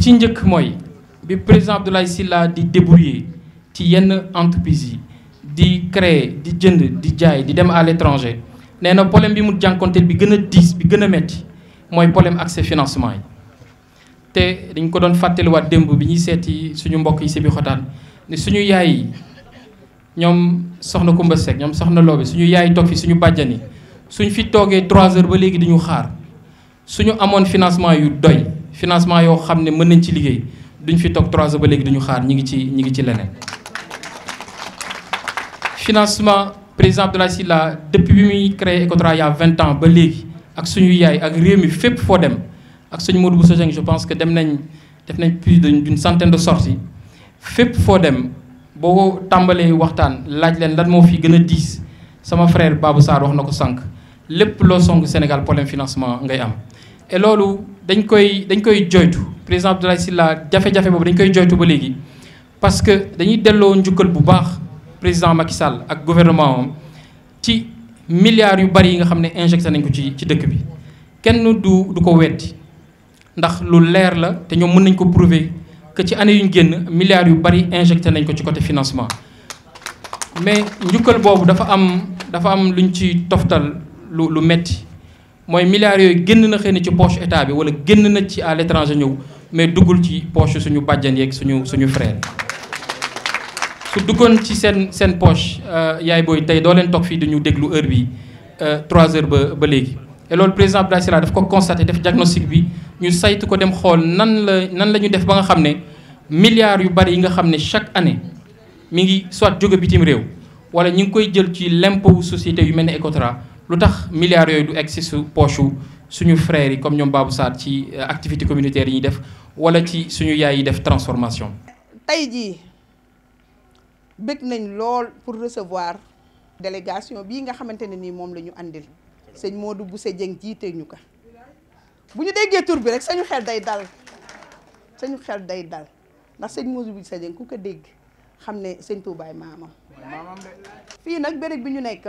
bi ci njëkk mooy bi président Abdoulaye Silla di débrouiller ci yenn entreprise di créer di jënd di jaay di dem à l'étranger néna problème bi mu jànkonteel bi gëna a bi gëna metti moy problème accès financement yi te dañ ko doon fatél fàttaliwaat démb bi ñi séti suñu mbokk yi si bi xotaan ne suñu yaay yi ñoom soxna Kumba Seck ñom soxna Loobe suñu yaay tok fi suñu bàjjan suñ fi toogee 3 heures ba légui diñu xaar suñu amone financement yu doy financement yo xamné ne mën nañ ci liggéey duñ fi tok 3 heures ba légui duñu xaar ñi ngi ci ñi ngi ci leneen financement président Abdoulaye Sylla depuis bi muy créé Ecotra il y a 20 ans ba légui ak suñu yaay ak réew mi fépp fo dem ak suñu Modou Bousso je pense que dem nañ def nañ plus d'une centaine de sorties fépp fo dem boo tàmbalee waxtaan laaj leen lan moo fi gën a diis sama frère Babou Sarr wax na ko sànq lépp loo song Sénégal problème financement ngay am et loolu dañ koy dañ koy joytu président Abdoulaye Sylla jafe-jafe bobu dañ koy joytu ba légui parce que dañuy dello njukkal bu baax président Macky Sall ak gouvernement am ci milliards yu bari yi nga xamné injecté nañ ko ci ci dëkk bi kenn du du ko weddi ndax lu leer la te ñoom mën nañ ko prouver que ci année yu ñu génn milliards yu bari injecté nañ ko ci côté financement mais njukkal boobu dafa am dafa am luñ ci toftal lu lu metti moy milliards yoy genn na xéne ci poche état bi wala genn na ci à l'étranger ñëw mais duggul ci poche suñu bàjjan yeeg suñu suñu frère su duggoon ci sen sen poche euh yaay booy tey doo leen toog fii dañu déglu heure bi euh 3 heures ba ba légui et loolu président Abdoulaye Sylla daf ko constater def diagnostic bi ñu saytu ko dem xol nan la nan lañu def ba nga xamné milliards yu bari yi nga xamné chaque année mi ngi soit jóge bitim réew wala ñing koy jël ci l'impôt société yu mel ne Ecotra lu tax milliards yooyu du egg si su poche suñu frères yi comme ñoom Babou Sarr ci euh, activité communautaire yi ñuy def wala ci suñu yaay yi def transformation. tey jii bëgg nañ lool pour recevoir délégation bii nga xamante ne nii moom la ñu àndil sëñ Modou Bousse Dieng jiite ñu ko bu ñu déggee tur bi rek sañu xel day dal sañu xel day dal ndax sëñ Modou Bousse Dieng ku ko dégg xam ne sëñ Touba maamam. fii nag béréb bi ñu nekk.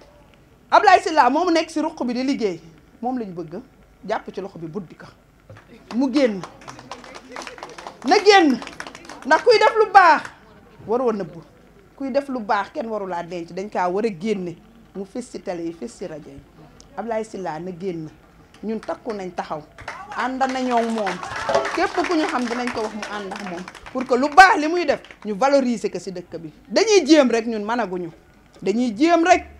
Ablaye Sylla mom nek si ruq bi di liggey mom lañ bëgg japp ci loxo bi buddi ko mu genn na genn ndax kuy def lu baax waroo nëbb kuy def lu baax waru la denc dañ ka wara genné mu fis si télé yi fis si rajo yi Ablaye Sylla na genn ñun takku nañ taxaw ànd nañoo mom képp ku ñu xam dinañ ko wax mu and ak mom pour que lu baax limuy def ñu valoriser ko ci dëkk bi dañuy jëm rek ñun managuñu dañuy jëm rek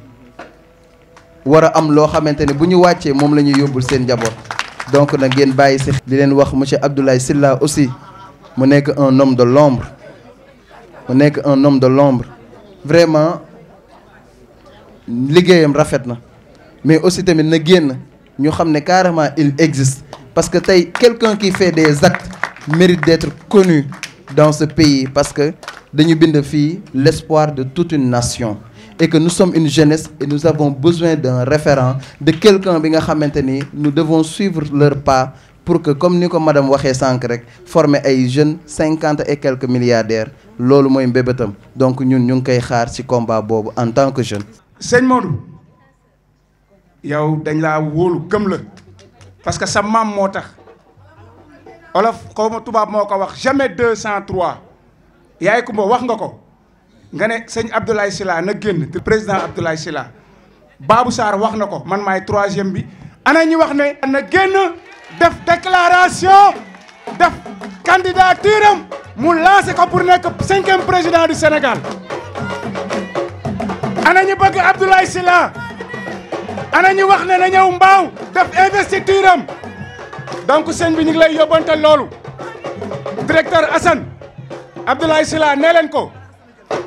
wara am lo xamantene ne waccé mom yobul donc na ngeen Je si di Abdoulaye Silla aussi mu un homme de l'ombre mu un homme de l'ombre vraiment mais aussi carrément il existe parce que quelqu'un qui fait des actes mérite d'être connu dans ce pays parce que dañu bind l'espoir de toute une nation et que nous sommes une jeunesse et nous avons besoin d'un référent de quelqu'un bi nga maintenir. nous devons suivre leur pas pour que comme nous, comme madame waxee sànq former ay jeunes 50 et quelques milliardaires loolu mooy mbébétam donc nous, nous nous koy xaar ci combat en tant que jeunes. Seigneur. Modou yow dañ laa wóolu gëm la parce que sa m'a moo Olaf, olof tu vas tubaab jamais deux sans trois wax nga ko. nga ne sëñ Abdoulaye Sylla na génn te président Abdoulaye Sylla baabu Sarr wax na ko man maay troisième bi ana ñi wax ne na génn def déclaration def candidature am mu lancé ko pour nekk cinquième président du Sénégal ana ñu bëgg Abdoulaye Sylla ana ñu wax ne na ñëw mbaaw def investiture am donc sëñ bi ñu ngi lay yóbbante loolu directeur Assane Abdoulaye Sylla nee leen ko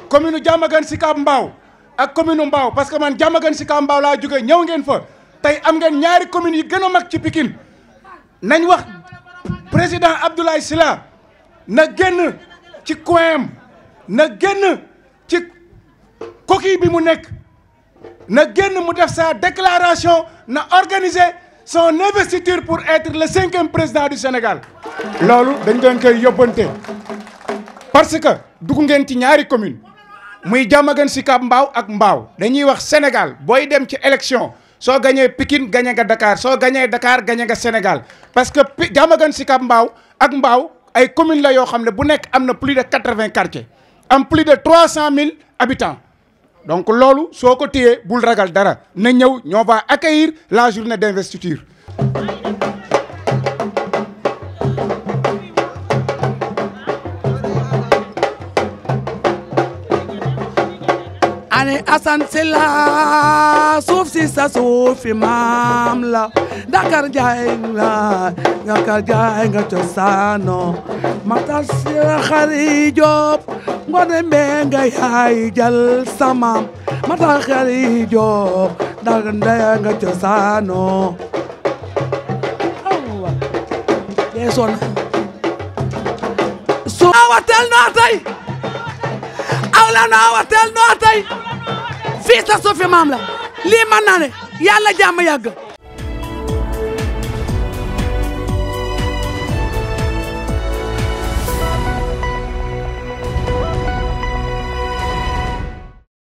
commune Diamaguène Sicap Mbao ak commune Mbao parce que man Diamaguène Sicap Mbao laa jógee ñëw ngeen fa tey am ngeen ñaari communes yi gën mag ci pikin nañ wax président Abdoulaye Sylla na génn ci coin na génn ci coquille bi mu nekk na génn mu def sa déclaration na organiser son investiture pour être le cinquième président du Sénégal loolu dañ doon koy yóbbante parce que dugg ngeen ci ñaari commune muy jamagan Sicap Mbao ak Mbao dañuy wax Sénégal boy dem ci élection so gagné Pikine gagné nga Dakar so gagné Dakar gagné nga Sénégal parce que jamagan Sicap Mbao ak Mbao ay commune la yo xamné bu nek amna plus de 80 quartiers am plus de 300 000 habitants donc lolu soko ko téyee bul ragal dara na ñew ñoo va accueillir la journée d'investiture mane Assane Sylla suuf si sa suufi maam la Dakar jaay nga cosaano Matar Sylla xari Joob ngone mbee nga yaay jal samaam Matar xari Joob Dakar jaay nga cosaano son su awatel noo tey awla na awatel noo tey fii sa suufi maam la lii mën naa ne yàlla jàmm yàgg